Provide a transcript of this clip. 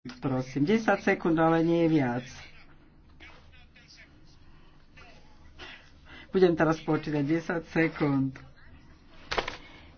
Prosím, 10 sekúnd, ale nie je viac. Budem teraz počítať 10 sekúnd.